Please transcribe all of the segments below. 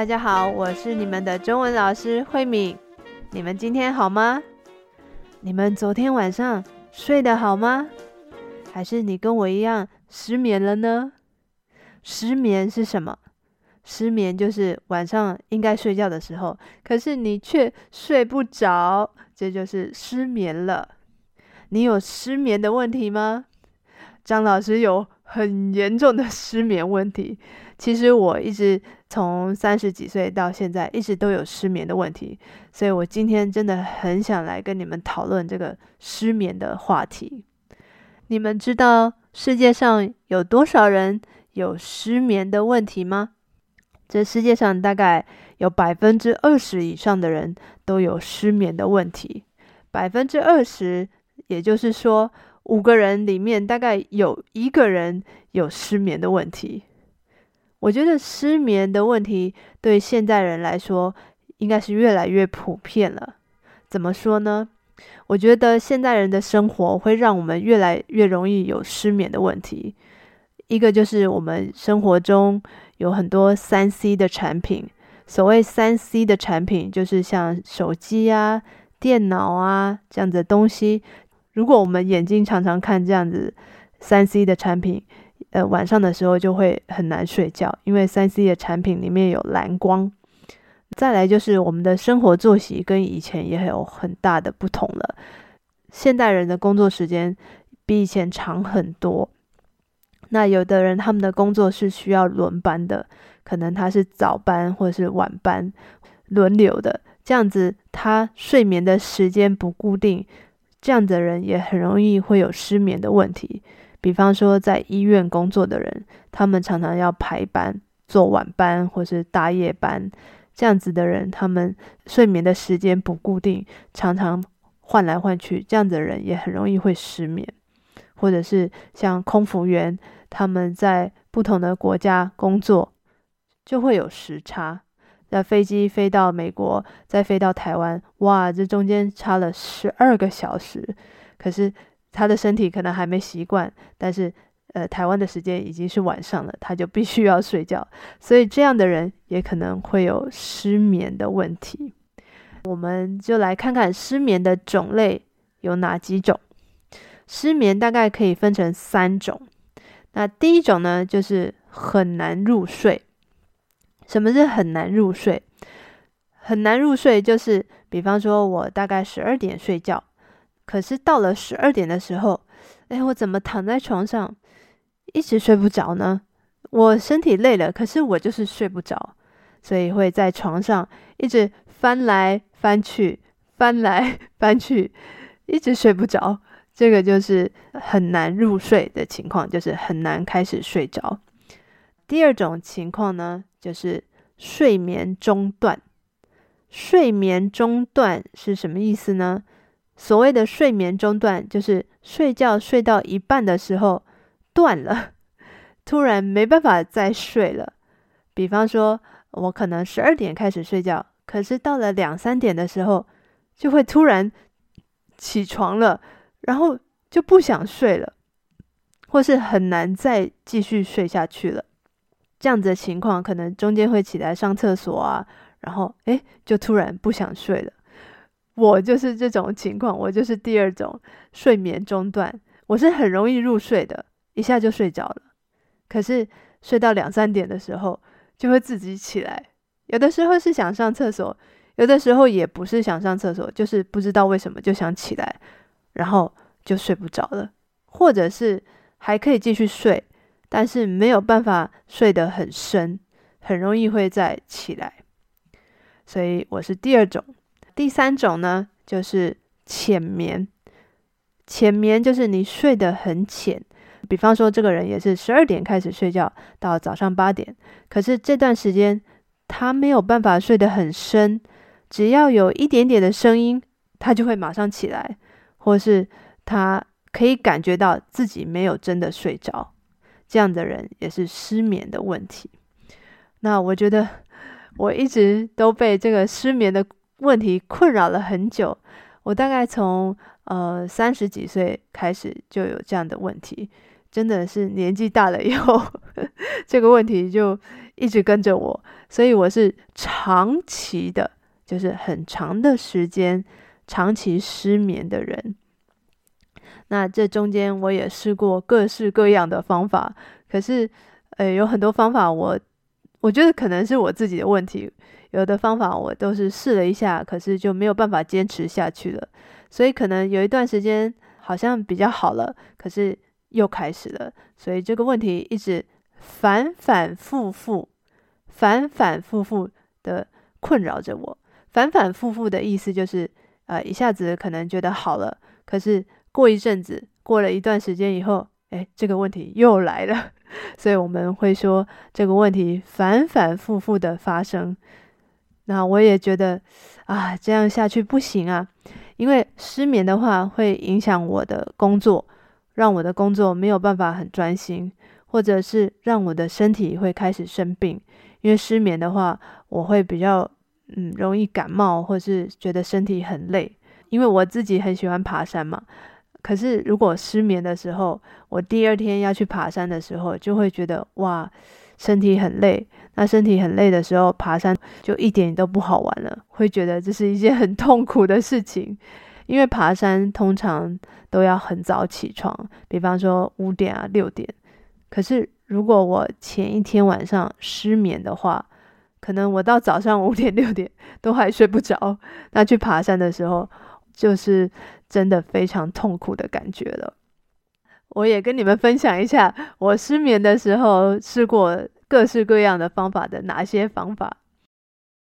大家好，我是你們的中文老師慧敏。你們今天好嗎？你們昨天晚上睡得好嗎？還是你跟我一樣失眠了呢？失眠是什麼？失眠就是晚上應該睡覺的時候，可是你卻睡不着，這就是失眠了。你有失眠的問題嗎？張老師有。很嚴重的失眠問題。其實我一直從三十幾歲到現在，一直都有失眠的問題，所以我今天真的很想來跟你們討論這個失眠的話題。你們知道世界上有多少人有失眠的問題嗎？這世界上大概有百分之二十以上的人都有失眠的問題。百分之二十，也就是說，五個人裡面大概有一個人有失眠的問題。我覺得失眠的問題對現代人來說應該是越來越普遍了。怎麼說呢？我覺得現代人的生活會讓我們越來越容易有失眠的問題。一個就是我們生活中有很多 3C 的產品。所謂 3C 的產品，就是像手機啊、電腦啊這樣子的東西。如果我們眼睛常常看這樣子 3C 的產品，呃，晚上的時候就會很難睡覺，因為 3C 的產品裡面有藍光。再來就是我們的生活作息跟以前也有很大的不同了。現代人的工作時間比以前長很多，那有的人他們的工作是需要輪班的，可能他是早班或者是晚班輪流的，這樣子他睡眠的時間不固定。這樣子的人也很容易會有失眠的問題，比方說在醫院工作的人，他們常常要排班，做晚班或是大夜班，這樣子的人他們睡眠的時間不固定，常常換來換去，這樣子的人也很容易會失眠，或者是像空服員，他們在不同的國家工作，就會有時差。那飛機飛到美國，再飛到台灣，哇，這中間差了十二個小時。可是他的身體可能還沒習慣，但是呃，台灣的時間已經是晚上了，他就必須要睡覺。所以這樣的人也可能會有失眠的問題。我們就來看看失眠的種類有哪幾種？失眠大概可以分成三種。那第一種呢，就是很難入睡。什麼是很難入睡？很難入睡就是，比方說我大概十二點睡覺，可是到了十二點的時候，誒，我怎麼躺在床上一直睡不着呢？我身體累了，可是我就是睡不着，所以會在床上一直翻來翻去，翻來翻去，一直睡不着。這個就是很難入睡的情況，就是很難開始睡着。第二種情況呢，就是睡眠中斷。睡眠中斷是什麼意思呢？所謂的睡眠中斷，就是睡覺睡到一半的時候斷了，突然沒辦法再睡了。比方說，我可能十二點開始睡覺，可是到了兩三點的時候，就會突然起床了，然後就不想睡了，或是很難再繼續睡下去了。這樣子的情況，可能中間會起來上廁所啊，然後誒就突然不想睡了。我就是這種情況，我就是第二種睡眠中斷。我是很容易入睡的，一下就睡着了。可是睡到兩三點的時候，就會自己起來。有的時候是想上廁所，有的時候也不是想上廁所，就是不知道為什麼就想起來，然後就睡不着了，或者是還可以繼續睡。但是沒有辦法睡得很深，很容易會再起來，所以我是第二種。第三種呢，就是淺眠。淺眠就是你睡得很淺，比方說這個人也是十二點開始睡覺，到早上八點，可是這段時間他沒有辦法睡得很深，只要有一點點的聲音，他就會馬上起來，或是他可以感覺到自己沒有真的睡着。這樣的人也是失眠的問題。那我覺得，我一直都被這個失眠的問題困擾了很久。我大概從呃三十幾歲開始就有這樣的問題，真的是年紀大了以後，這個問題就一直跟着我。所以我是長期的，就是很長的時間，長期失眠的人。那這中間我也試過各式各樣的方法，可是，呃，有很多方法我我覺得可能是我自己的問題。有的方法我都是試了一下，可是就沒有辦法堅持下去了。所以可能有一段時間好像比較好了，可是又開始了。所以這個問題一直反反复覆、反反复复的困擾着我。反反复复的意思就是，呃，一下子可能覺得好了，可是。過一陣子，過了一段時間以後，哎，這個問題又來了，所以我們會說這個問題反反复复的發生。那我也覺得啊，這樣下去不行啊，因為失眠的話會影響我的工作，讓我的工作沒有辦法很專心，或者是讓我的身體會開始生病。因為失眠的話，我會比較嗯容易感冒，或是覺得身體很累。因為我自己很喜歡爬山嘛。可是，如果失眠的時候，我第二天要去爬山的時候，就會覺得哇，身體很累。那身體很累的時候，爬山就一點都不好玩了，會覺得這是一件很痛苦的事情。因為爬山通常都要很早起床，比方說五點啊六點。可是，如果我前一天晚上失眠的話，可能我到早上五點六點都還睡不着。那去爬山的時候，就是。真的非常痛苦的感覺了。我也跟你們分享一下，我失眠的時候試過各式各樣的方法的哪些方法。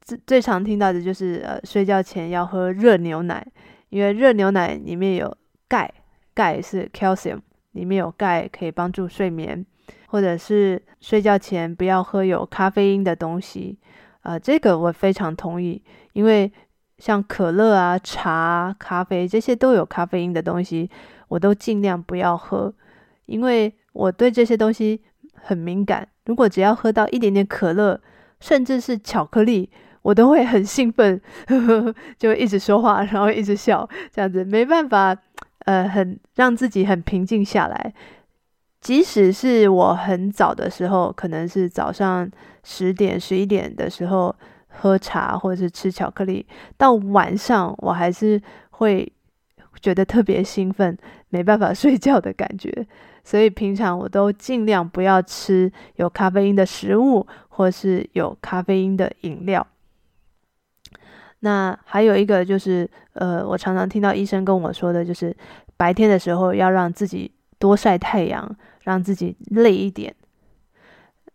最最常聽到的就是，呃，睡覺前要喝熱牛奶，因為熱牛奶裡面有鈣，鈣是 calcium，裡面有鈣可以幫助睡眠，或者是睡覺前不要喝有咖啡因的東西。啊、呃，這個我非常同意，因為。像可樂啊、茶啊、咖啡這些都有咖啡因的東西，我都盡量不要喝，因為我對這些東西很敏感。如果只要喝到一點點可樂，甚至是巧克力，我都會很興奮，呵呵，就一直說話，然後一直笑，這樣子沒辦法，呃，很讓自己很平靜下來。即使是我很早的時候，可能是早上十點、十一點的時候。喝茶或者是吃巧克力，到晚上我還是會覺得特別興奮，沒辦法睡覺的感覺。所以平常我都儘量不要吃有咖啡因的食物，或是有咖啡因的飲料。那還有一個就是，呃，我常常聽到醫生跟我說的，就是白天的時候要讓自己多曬太陽，讓自己累一點。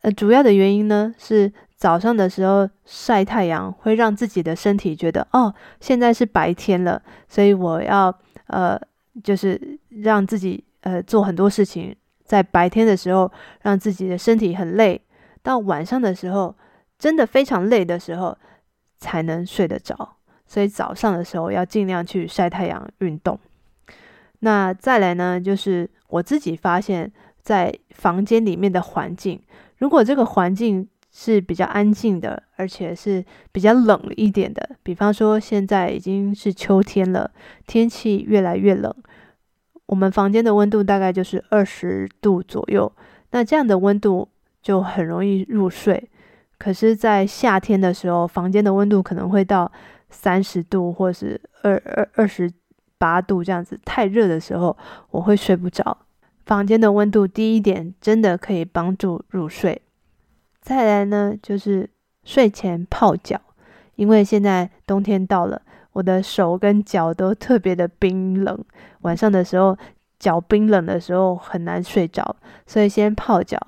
呃，主要的原因呢是。早上的時候曬太陽會讓自己的身體覺得哦，現在是白天了，所以我要呃，就是讓自己呃做很多事情，在白天的時候讓自己的身體很累，到晚上的時候真的非常累的時候才能睡得着。所以早上的時候要盡量去曬太陽、運動。那再來呢，就是我自己發現在房間裡面的環境，如果這個環境，是比較安靜的，而且是比較冷一點的。比方說，現在已經是秋天了，天氣越來越冷，我們房間的溫度大概就是二十度左右。那這樣的溫度就很容易入睡。可是，在夏天的時候，房間的溫度可能會到三十度，或是二二二十八度這樣子。太熱的時候，我會睡不着。房間的溫度低一點，真的可以幫助入睡。再來呢，就是睡前泡腳，因為現在冬天到了，我的手跟腳都特別的冰冷。晚上的時候，腳冰冷的時候很難睡着，所以先泡腳。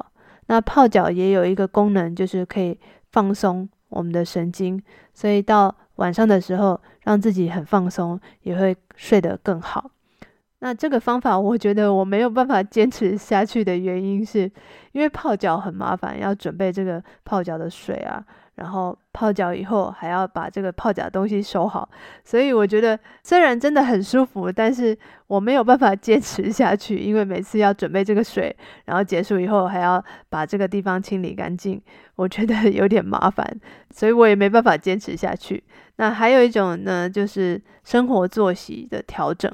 那泡腳也有一個功能，就是可以放鬆我們的神經，所以到晚上的時候，讓自己很放鬆，也會睡得更好。那這個方法，我覺得我沒有辦法堅持下去的原因是，因為泡腳很麻煩，要準備這個泡腳的水啊，然後泡腳以後還要把這個泡腳的東西收好，所以我覺得雖然真的很舒服，但是我沒有辦法堅持下去，因為每次要準備這個水，然後結束以後還要把這個地方清理乾淨，我覺得有點麻煩，所以我也沒辦法堅持下去。那還有一種呢，就是生活作息的調整。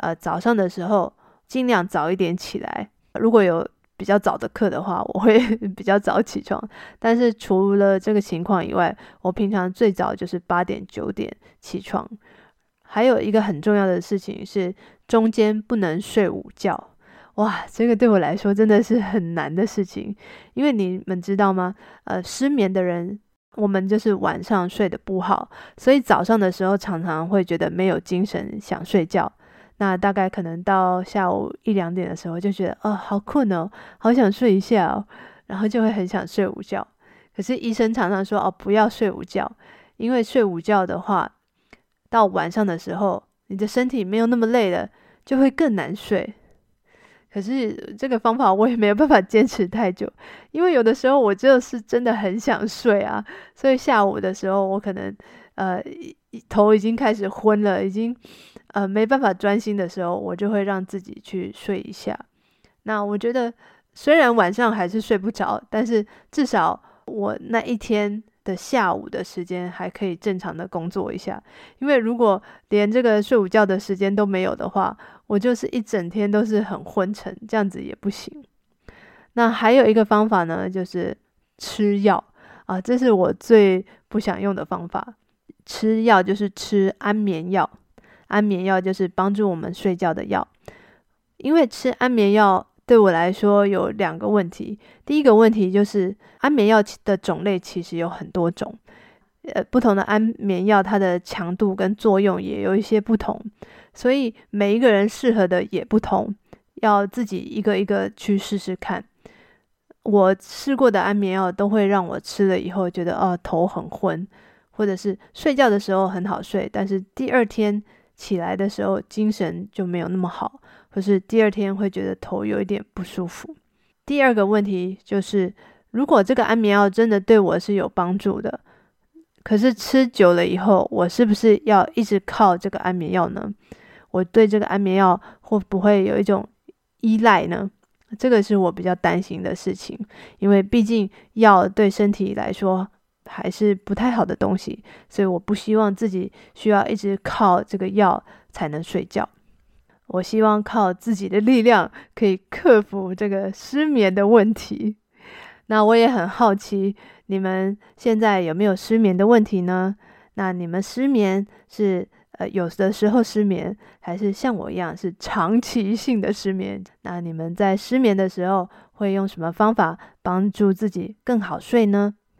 呃，早上的時候儘量早一點起來。呃，如果有比較早的課的話，我會比較早起床。但是除了這個情況以外，我平常最早就是八點九點起床。還有一個很重要的事情是，中間不能睡午覺。哇，這個對我來說真的是很難的事情，因為你們知道嗎？呃，失眠的人，我們就是晚上睡得不好，所以早上的時候常常會覺得沒有精神，想睡覺。那大概可能到下午一兩點的時候，就覺得哦，好困哦，好想睡一下，哦，然後就會很想睡午覺。可是醫生常常說哦，不要睡午覺，因為睡午覺的話，到晚上的時候，你的身體沒有那麼累了，就會更難睡。可是這個方法我也沒有辦法堅持太久，因為有的時候我就是真的很想睡啊，所以下午的時候我可能，呃，頭已經開始昏了，已經呃沒辦法專心的時候，我就會讓自己去睡一下。那我覺得雖然晚上還是睡不着，但是至少我那一天的下午的時間還可以正常的工作一下。因為如果連這個睡午覺的時間都沒有的話，我就是一整天都是很昏沉，這樣子也不行。那還有一個方法呢，就是吃藥啊，呃，這是我最不想用的方法。吃藥就是吃安眠藥，安眠藥就是幫助我們睡覺的藥。因為吃安眠藥對我來說有兩個問題，第一個問題就是安眠藥的種類其實有很多種，呃，不同的安眠藥它的強度跟作用也有一些不同，所以每一個人適合的也不同，要自己一個一個去試試看。我吃過的安眠藥都會讓我吃了以後覺得哦，頭很昏。或者是睡覺的時候很好睡，但是第二天起來的時候精神就沒有那麼好，或是第二天會覺得頭有一點不舒服。第二個問題就是，如果這個安眠藥真的對我是有幫助的，可是吃久了以後，我是不是要一直靠這個安眠藥呢？我對這個安眠藥會不會有一種依賴呢？這個是我比較擔心的事情，因為畢竟藥對身體來說，還是不太好的東西，所以我不希望自己需要一直靠這個藥才能睡覺。我希望靠自己的力量可以克服這個失眠的問題。那我也很好奇，你們現在有沒有失眠的問題呢？那你們失眠是，呃，有的時候失眠，還是像我一樣是長期性的失眠？那你們在失眠的時候會用什麼方法幫助自己更好睡呢？